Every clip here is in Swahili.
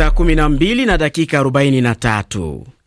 saa 12 na dakika 43.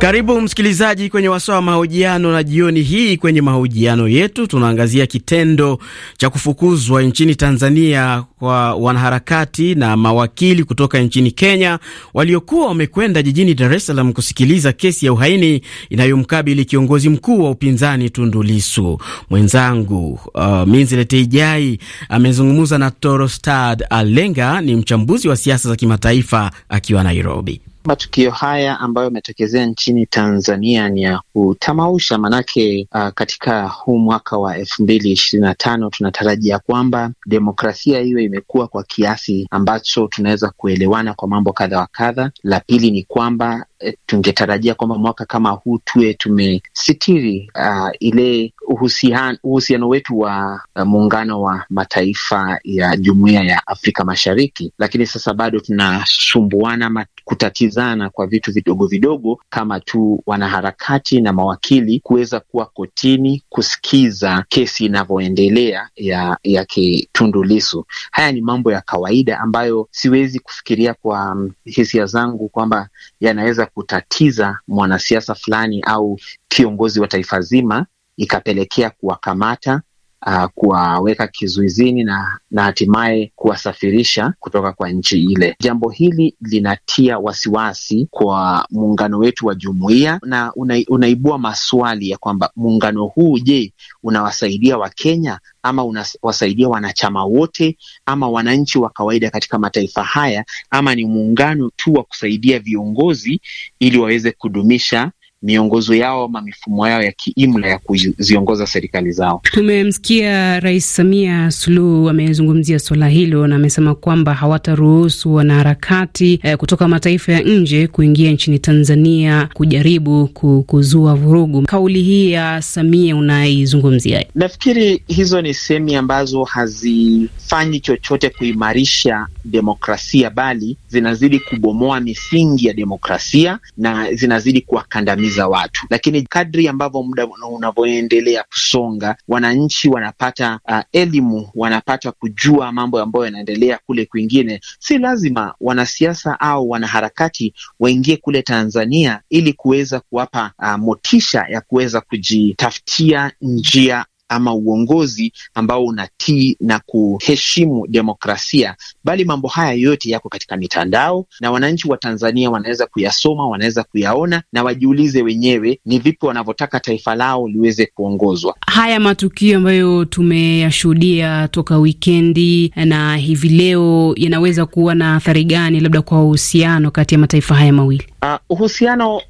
Karibu msikilizaji kwenye wasaa wa mahojiano, na jioni hii kwenye mahojiano yetu tunaangazia kitendo cha kufukuzwa nchini Tanzania kwa wanaharakati na mawakili kutoka nchini Kenya waliokuwa wamekwenda jijini Dar es Salaam kusikiliza kesi ya uhaini inayomkabili kiongozi mkuu wa upinzani Tundu Lissu. Mwenzangu uh, Minzilete Ijai amezungumza na Torostad Alenga, ni mchambuzi wa siasa za kimataifa akiwa Nairobi. Matukio haya ambayo yametokezea nchini Tanzania ni ya kutamausha, manake uh, katika huu mwaka wa elfu mbili ishirini na tano tunatarajia kwamba demokrasia hiyo imekuwa kwa kiasi ambacho tunaweza kuelewana kwa mambo kadha wa kadha. La pili ni kwamba tungetarajia kwamba mwaka kama huu tuwe tumesitiri uh, ile uhusiano, wetu wa uh, muungano wa mataifa ya jumuiya ya Afrika Mashariki, lakini sasa bado tunasumbuana kutatizana kwa vitu vidogo vidogo kama tu wanaharakati na mawakili kuweza kuwa kotini kusikiza kesi inavyoendelea ya ya kitundulisu Haya ni mambo ya kawaida ambayo siwezi kufikiria kwa um, hisia zangu kwamba yanaweza kutatiza mwanasiasa fulani au kiongozi wa taifa zima, ikapelekea kuwakamata uh, kuwaweka kizuizini na, na hatimaye kuwasafirisha kutoka kwa nchi ile. Jambo hili linatia wasiwasi kwa muungano wetu wa jumuiya na una, unaibua maswali ya kwamba muungano huu, je, unawasaidia Wakenya ama unawasaidia wanachama wote ama wananchi wa kawaida katika mataifa haya, ama ni muungano tu wa kusaidia viongozi ili waweze kudumisha miongozo yao ama mifumo yao ya kiimla ya kuziongoza serikali zao. Tumemsikia Rais Samia Suluhu amezungumzia swala hilo na amesema kwamba hawataruhusu wanaharakati eh, kutoka mataifa ya nje kuingia nchini Tanzania kujaribu kuzua vurugu. Kauli hii ya Samia unaizungumzia? Nafikiri hizo ni sehemu ambazo hazifanyi chochote kuimarisha demokrasia, bali zinazidi kubomoa misingi ya demokrasia na zinazidi kuwakandamiza za watu, lakini kadri ambavyo muda unavyoendelea kusonga, wananchi wanapata uh, elimu, wanapata kujua mambo ambayo yanaendelea kule kwingine. Si lazima wanasiasa au wanaharakati waingie kule Tanzania ili kuweza kuwapa uh, motisha ya kuweza kujitafutia njia ama uongozi ambao unatii na kuheshimu demokrasia, bali mambo haya yote yako katika mitandao na wananchi wa Tanzania wanaweza kuyasoma, wanaweza kuyaona na wajiulize wenyewe ni vipi wanavyotaka taifa lao liweze kuongozwa. Haya matukio ambayo tumeyashuhudia toka wikendi na hivi leo yanaweza kuwa na athari gani labda kwa uhusiano kati ya mataifa haya mawili? Uh, uhusiano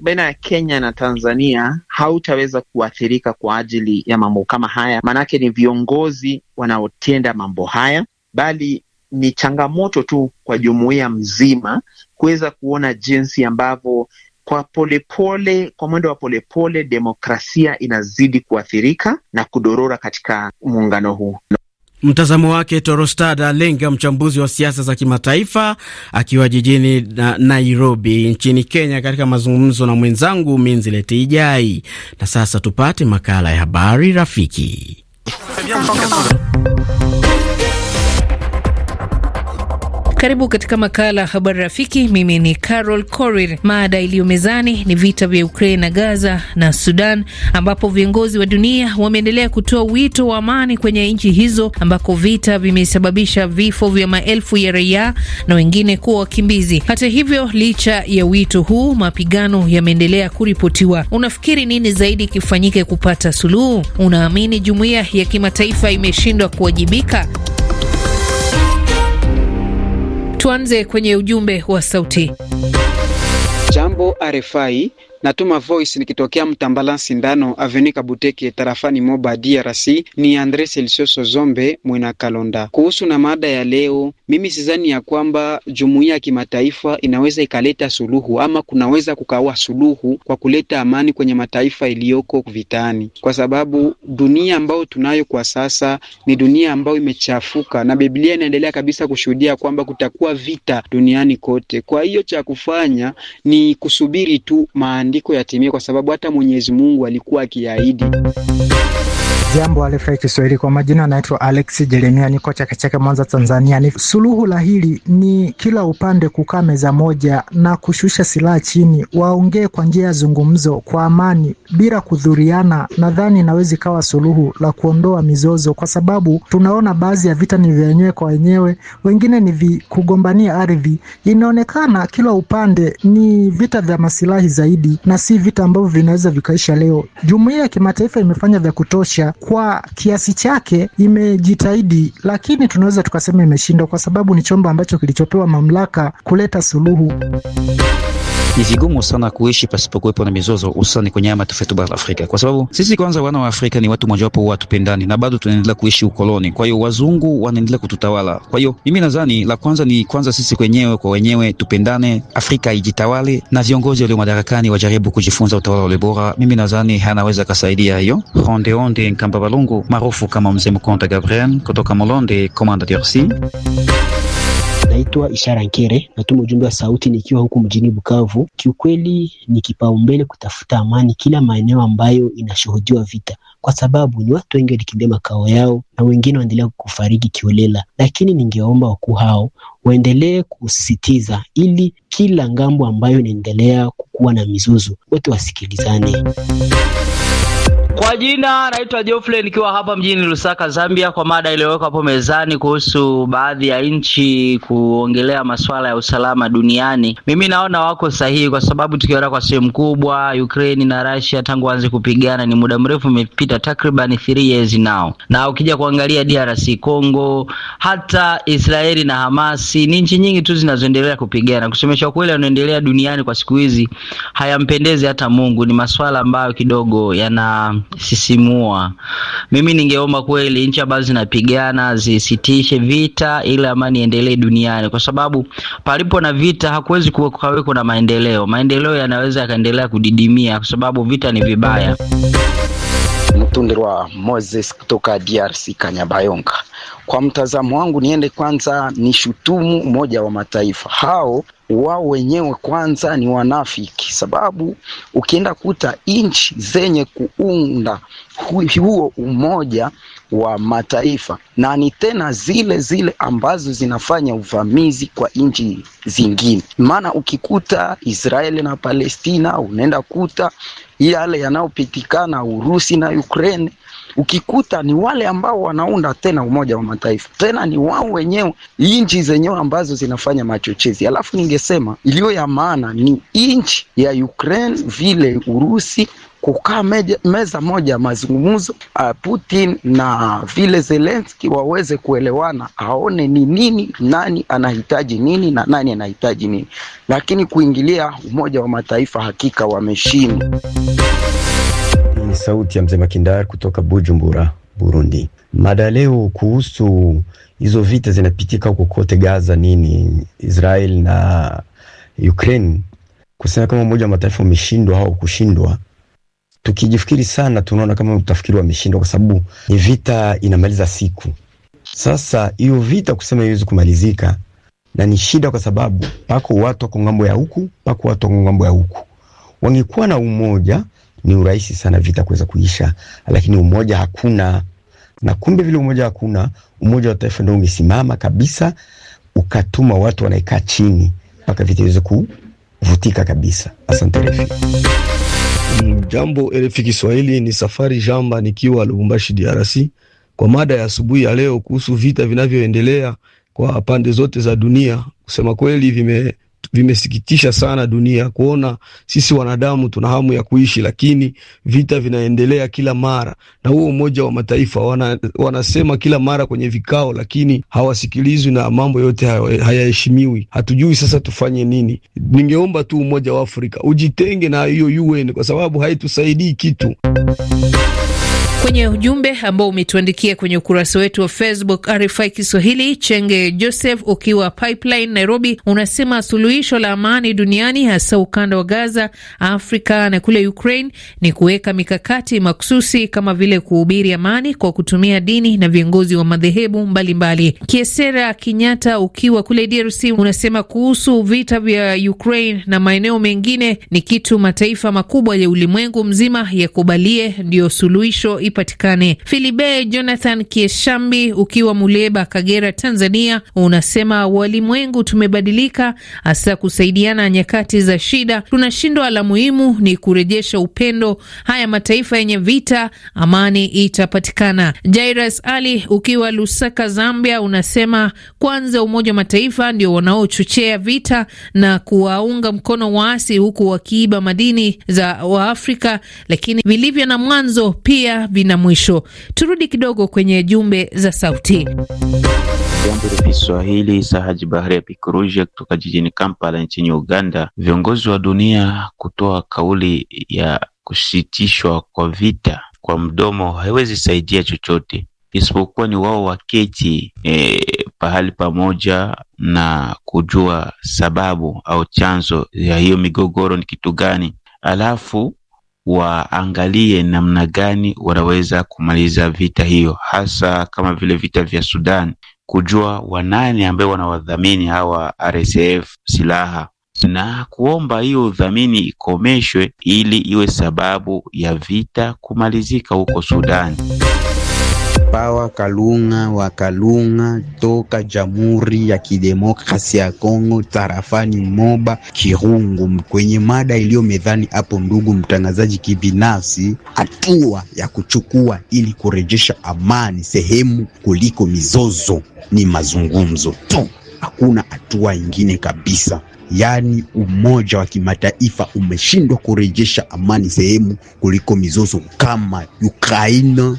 baina ya Kenya na Tanzania hautaweza kuathirika kwa ajili ya mambo kama haya, maanake ni viongozi wanaotenda mambo haya, bali ni changamoto tu kwa jumuiya mzima kuweza kuona jinsi ambavyo kwa polepole, kwa mwendo wa polepole, demokrasia inazidi kuathirika na kudorora katika muungano huu. Mtazamo wake Torostad Alenga, mchambuzi wa siasa za kimataifa, akiwa jijini na Nairobi nchini Kenya, katika mazungumzo na mwenzangu Minzileti Ijai. Na sasa tupate makala ya habari rafiki Karibu katika makala ya habari rafiki. Mimi ni Carol corir Mada iliyo mezani ni vita vya Ukraine na Gaza na Sudan, ambapo viongozi wa dunia wameendelea kutoa wito wa amani kwenye nchi hizo ambako vita vimesababisha vifo vya maelfu ya raia na wengine kuwa wakimbizi. Hata hivyo, licha ya wito huu, mapigano yameendelea kuripotiwa. Unafikiri nini zaidi kifanyike kupata suluhu? Unaamini jumuiya ya kimataifa imeshindwa kuwajibika? Tuanze kwenye ujumbe wa sauti. Jambo RFI, Natuma voice nikitokea Mtambala Sindano Aveni Kabuteke tarafani Moba DRC. Ni Andre Selisoso Zombe Mwena Kalonda. Kuhusu na mada ya leo, mimi sizani ya kwamba jumuiya ya kimataifa inaweza ikaleta suluhu ama kunaweza kukawa suluhu kwa kuleta amani kwenye mataifa iliyoko vitani, kwa sababu dunia ambayo tunayo kwa sasa ni dunia ambayo imechafuka, na Biblia inaendelea kabisa kushuhudia kwamba kutakuwa vita duniani kote. Kwa hiyo cha kufanya ni kusubiri tu maandi maandiko yatimie, kwa sababu hata Mwenyezi Mungu alikuwa akiahidi. Jambo alefai Kiswahili kwa majina, anaitwa Alex Jeremia, niko Chakechake, Mwanza, Tanzania. Ni suluhu la hili ni kila upande kukaa meza moja na kushusha silaha chini, waongee kwa njia ya zungumzo kwa amani, bila kudhuriana. Nadhani inaweza ikawa suluhu la kuondoa mizozo, kwa sababu tunaona baadhi ya vita ni vya wenyewe kwa wenyewe, wengine ni vkugombania ardhi. Inaonekana kila upande ni vita vya masilahi zaidi, na si vita ambavyo vinaweza vikaisha leo. Jumuiya ya kimataifa imefanya vya kutosha kwa kiasi chake imejitahidi, lakini tunaweza tukasema imeshindwa, kwa sababu ni chombo ambacho kilichopewa mamlaka kuleta suluhu. Ni vigumu sana kuishi pasipokuwepo na mizozo, hususani kwenye haya mataifa yetu bara la Afrika, kwa sababu sisi kwanza, wana wa Afrika ni watu mojawapo huwa hatupendani na bado tunaendelea kuishi ukoloni. Kwa hiyo wazungu wanaendelea kututawala. Kwa hiyo mimi nadhani la kwanza ni kwanza sisi kwenyewe kwa wenyewe tupendane, Afrika ijitawale na viongozi walio madarakani wajaribu kujifunza utawala ule bora. Mimi nadhani anaweza kasaidia hiyo. Ronde Onde Nkamba Balungu maarufu kama Mzee Mkonta Gabriel kutoka Molonde, Komanda DRC. Naitwa Ishara Nkere, natuma ujumbe wa sauti nikiwa huku mjini Bukavu. Kiukweli ni kipaumbele kutafuta amani kila maeneo ambayo inashuhudiwa vita, kwa sababu ni watu wengi walikimbia makao yao na wengine waendelea kufariki kiolela, lakini ningeomba wakuu hao waendelee kusisitiza ili kila ngambo ambayo inaendelea kukuwa na mizozo wote wasikilizane. Kwa jina naitwa Geoffrey nikiwa hapa mjini Lusaka, Zambia, kwa mada iliyowekwa hapo mezani kuhusu baadhi ya nchi kuongelea masuala ya usalama duniani. Mimi naona wako sahihi, kwa sababu tukiona kwa sehemu kubwa Ukraine na Russia tangu waanze kupigana ni muda mrefu umepita, takriban 3 years now, na ukija kuangalia DRC Congo, hata Israeli na Hamasi ni nchi nyingi tu zinazoendelea kupigana. Kusemesha kweli, yanaendelea duniani kwa siku hizi hayampendezi hata Mungu. Ni masuala ambayo kidogo yana kusisimua. Mimi ningeomba kweli nchi ambazo zinapigana zisitishe vita, ili amani iendelee duniani, kwa sababu palipo na vita hakuwezi kuweko na maendeleo. Maendeleo yanaweza yakaendelea kudidimia, kwa sababu vita ni vibaya. Mtundirwa Moses kutoka DRC Kanyabayonga. Kwa mtazamo wangu, niende kwanza ni shutumu Umoja wa Mataifa hao wao wenyewe kwanza ni wanafiki, sababu ukienda kuta nchi zenye kuunda huo umoja wa mataifa na ni tena zile zile ambazo zinafanya uvamizi kwa nchi zingine. Maana ukikuta Israeli na Palestina, unaenda kuta yale yanayopitikana Urusi na Ukraine, ukikuta ni wale ambao wanaunda tena umoja wa mataifa, tena ni wao wenyewe nchi zenyewe ambazo zinafanya machochezi. Alafu ninge ningesema iliyo ya maana ni nchi ya Ukraine vile Urusi kukaa meza moja mazungumzo, uh, Putin na vile Zelensky waweze kuelewana, aone ni nini, nani anahitaji nini na nani anahitaji nini, lakini kuingilia Umoja wa Mataifa hakika wameshindwa. Ni sauti ya mzee Makindar kutoka Bujumbura. Burundi. Mada leo kuhusu hizo vita zinapitika huko kote Gaza, nini Israel na Ukraine, kusema kama Umoja wa Mataifa umeshindwa au kushindwa, tukijifikiri sana tunaona kama utafikiri wameshindwa, kwa sababu ni vita inamaliza siku. Sasa hiyo vita kusema haiwezi kumalizika na ni shida, kwa sababu pako watu wako ngambo ya huku, pako watu wako ngambo ya huku. Wangekuwa na umoja ni urahisi sana vita kuweza kuisha, lakini umoja hakuna. Na kumbe vile umoja hakuna, Umoja wa Taifa ndio ungesimama kabisa, ukatuma watu wanaekaa chini mpaka vita iweze kuvutika kabisa. Asante refi. Jambo RFI Kiswahili, ni Safari Jamba nikiwa Lubumbashi, DRC, kwa mada ya asubuhi ya leo kuhusu vita vinavyoendelea kwa pande zote za dunia. Kusema kweli, vime vimesikitisha sana dunia kuona sisi wanadamu tuna hamu ya kuishi, lakini vita vinaendelea kila mara, na huo Umoja wa Mataifa wana, wanasema kila mara kwenye vikao, lakini hawasikilizwi na mambo yote hayaheshimiwi. Hatujui sasa tufanye nini. Ningeomba tu Umoja wa Afrika ujitenge na hiyo UN kwa sababu haitusaidii kitu. Kwenye ujumbe ambao umetuandikia kwenye ukurasa wetu wa Facebook RFI Kiswahili, Chenge Joseph ukiwa Pipeline Nairobi, unasema suluhisho la amani duniani, hasa ukanda wa Gaza, Afrika na kule Ukraine ni kuweka mikakati maksusi kama vile kuhubiri amani kwa kutumia dini na viongozi wa madhehebu mbalimbali. Kiesera Kinyata ukiwa kule DRC unasema kuhusu vita vya Ukraine na maeneo mengine ni kitu mataifa makubwa ya ulimwengu mzima yakubalie, ndiyo suluhisho ipatikane. Filibe Jonathan Kieshambi, ukiwa Muleba, Kagera, Tanzania, unasema walimwengu tumebadilika, hasa kusaidiana nyakati za shida. Tunashindwa, la muhimu ni kurejesha upendo. Haya mataifa yenye vita, amani itapatikana. Jairus Ali, ukiwa Lusaka, Zambia, unasema kwanza Umoja wa Mataifa ndio wanaochochea vita na kuwaunga mkono waasi, huku wakiiba madini za Waafrika, lakini vilivyo na mwanzo pia na mwisho. Turudi kidogo kwenye jumbe za sauti. Jambo la Kiswahili Sahaji Bahari ya pikuruja kutoka jijini Kampala nchini Uganda. Viongozi wa dunia kutoa kauli ya kusitishwa kwa vita kwa mdomo haiwezi saidia chochote, isipokuwa ni wao waketi e, pahali pamoja na kujua sababu au chanzo ya hiyo migogoro ni kitu gani, alafu waangalie namna gani wanaweza kumaliza vita hiyo, hasa kama vile vita vya Sudan, kujua wanani ambaye wanawadhamini hawa RSF silaha na kuomba hiyo udhamini ikomeshwe ili iwe sababu ya vita kumalizika huko Sudani. Pawa Kalunga wa Kalunga toka Jamhuri ya Kidemokrasia ya Kongo, tarafani Moba Kirungu. Kwenye mada iliyo medhani hapo, ndugu mtangazaji, kibinafsi hatua ya kuchukua ili kurejesha amani sehemu kuliko mizozo ni mazungumzo tu, hakuna hatua ingine kabisa. Yaani, umoja wa kimataifa umeshindwa kurejesha amani sehemu kuliko mizozo kama Ukraina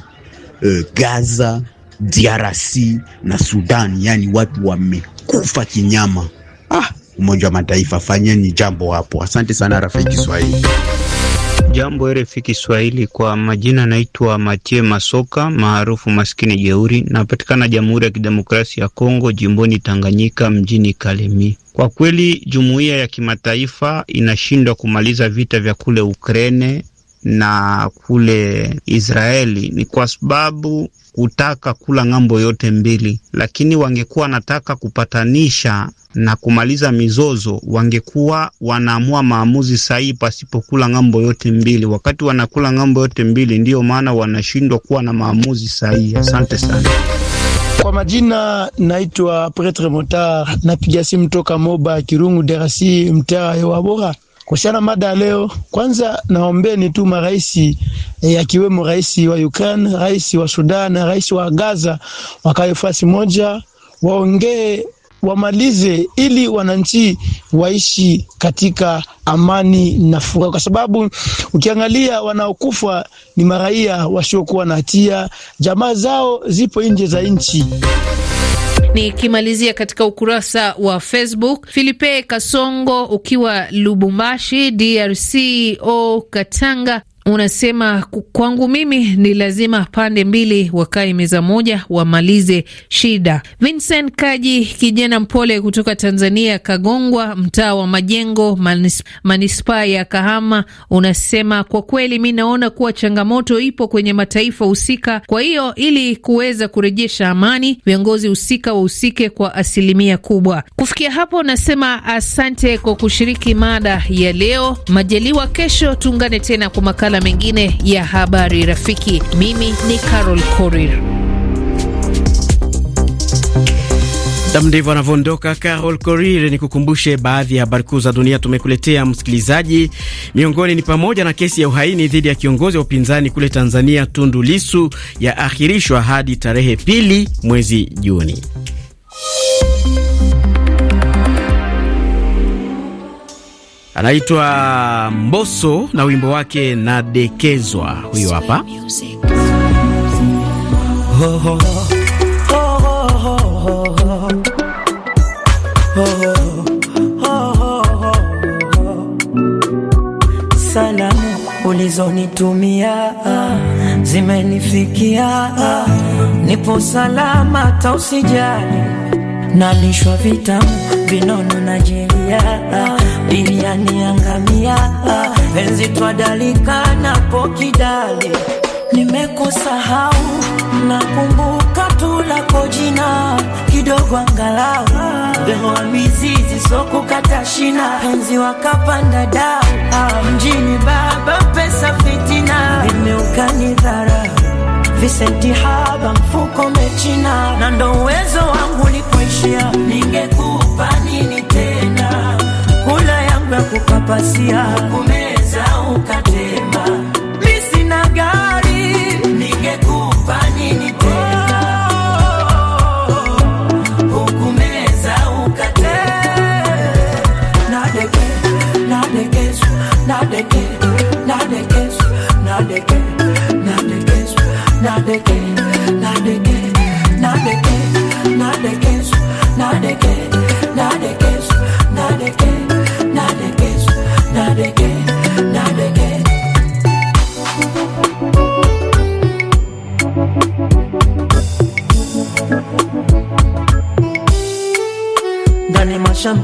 Eh, Gaza, DRC na Sudan, yaani watu wamekufa kinyama. Ah, Umoja wa Mataifa, fanyeni jambo hapo. Asante sana rafiki Kiswahili. Jambo RFI Kiswahili, kwa majina naitwa Matie Masoka maarufu maskini jeuri, napatikana Jamhuri ya Kidemokrasia ya Kongo, jimboni Tanganyika, mjini Kalemi. Kwa kweli jumuiya ya kimataifa inashindwa kumaliza vita vya kule Ukraine na kule Israeli ni kwa sababu kutaka kula ng'ambo yote mbili, lakini wangekuwa wanataka kupatanisha na kumaliza mizozo, wangekuwa wanaamua maamuzi sahihi pasipokula ng'ambo yote mbili. Wakati wanakula ng'ambo yote mbili, ndiyo maana wanashindwa kuwa na maamuzi sahihi. Asante sana. Kwa majina naitwa Pretre Motar, napiga simu toka Moba Kirungu Derasi, mtaa wa Bora. Kuhusiana mada ya leo, kwanza naombeni tu maraisi e, akiwemo rais wa Ukraine, rais wa Sudan na rais wa Gaza wakae fasi moja, waongee wamalize ili wananchi waishi katika amani na furaha, kwa sababu ukiangalia wanaokufa ni maraia wasiokuwa na hatia, jamaa zao zipo nje za nchi. Nikimalizia katika ukurasa wa Facebook, Filipe Kasongo ukiwa Lubumbashi DRC o Katanga unasema kwangu mimi ni lazima pande mbili wakae meza moja wamalize shida. Vincent Kaji, kijana mpole kutoka Tanzania, Kagongwa, mtaa wa Majengo, manispaa ya Kahama, unasema kwa kweli mi naona kuwa changamoto ipo kwenye mataifa husika. Kwa hiyo ili kuweza kurejesha amani, viongozi husika wahusike kwa asilimia kubwa. Kufikia hapo, nasema asante kwa kushiriki mada ya leo. Majaliwa, kesho tuungane tena kwa makala makala mengine ya habari rafiki. Mimi ni Carol Korir. Ndivyo anavyoondoka Carol Korir. Ni kukumbushe baadhi ya habari kuu za dunia tumekuletea msikilizaji. Miongoni ni pamoja na kesi ya uhaini dhidi ya kiongozi wa upinzani kule Tanzania Tundu Lisu akhirishwa hadi tarehe pili mwezi Juni. anaitwa mboso na wimbo wake nadekezwa. Huyo hapa salamu ulizonitumia zimenifikia, nipo salama, tausijali nalishwa vitamu vinono na jeria angamia enzi twadalika napokidali nimekusahau nakumbuka tu lako kidogo angalau lewa mizizi sokukata shina penzi wakapanda dau mjini baba pesa fitina imeukanidhara visenti haba mfuko mechina na ndo uwezo wangu nikuishia ningekuu kukupasia kumeza uka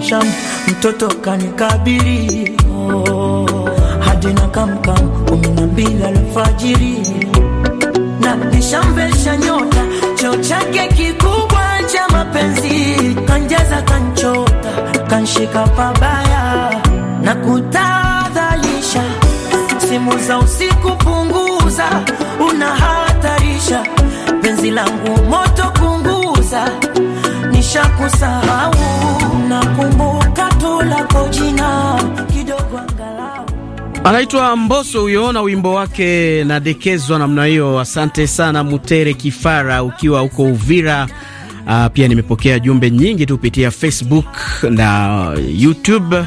shamsham, mtoto kanikabiri oh, hadi na kamkam kumi na mbili alfajiri na nishamvesha nyota choo chake kikubwa cha mapenzi kanjaza kanchota kanshika pabaya na kutadhalisha simu za usiku punguza unahatarisha penzi langu moto kusahau, nakumbuka tu lako jina kidogo angalau. Anaitwa Mboso huyo na wimbo wake nadekezwa namna hiyo. Asante sana Mutere Kifara ukiwa huko Uvira. Uh, pia nimepokea jumbe nyingi tu kupitia Facebook na YouTube.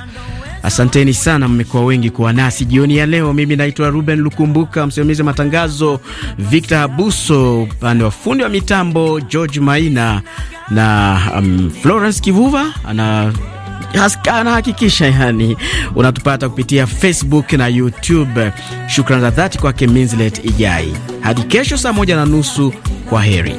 Asanteni sana, mmekuwa wengi kuwa nasi jioni ya leo. Mimi naitwa Ruben Lukumbuka, msimamizi wa matangazo Victor Abuso, upande wa fundi wa mitambo George Maina na um, Florence Kivuva ana anahakikisha yani unatupata kupitia Facebook na YouTube. Shukrani za dhati kwake Minslet Ijai. Hadi kesho saa moja na nusu, kwa heri.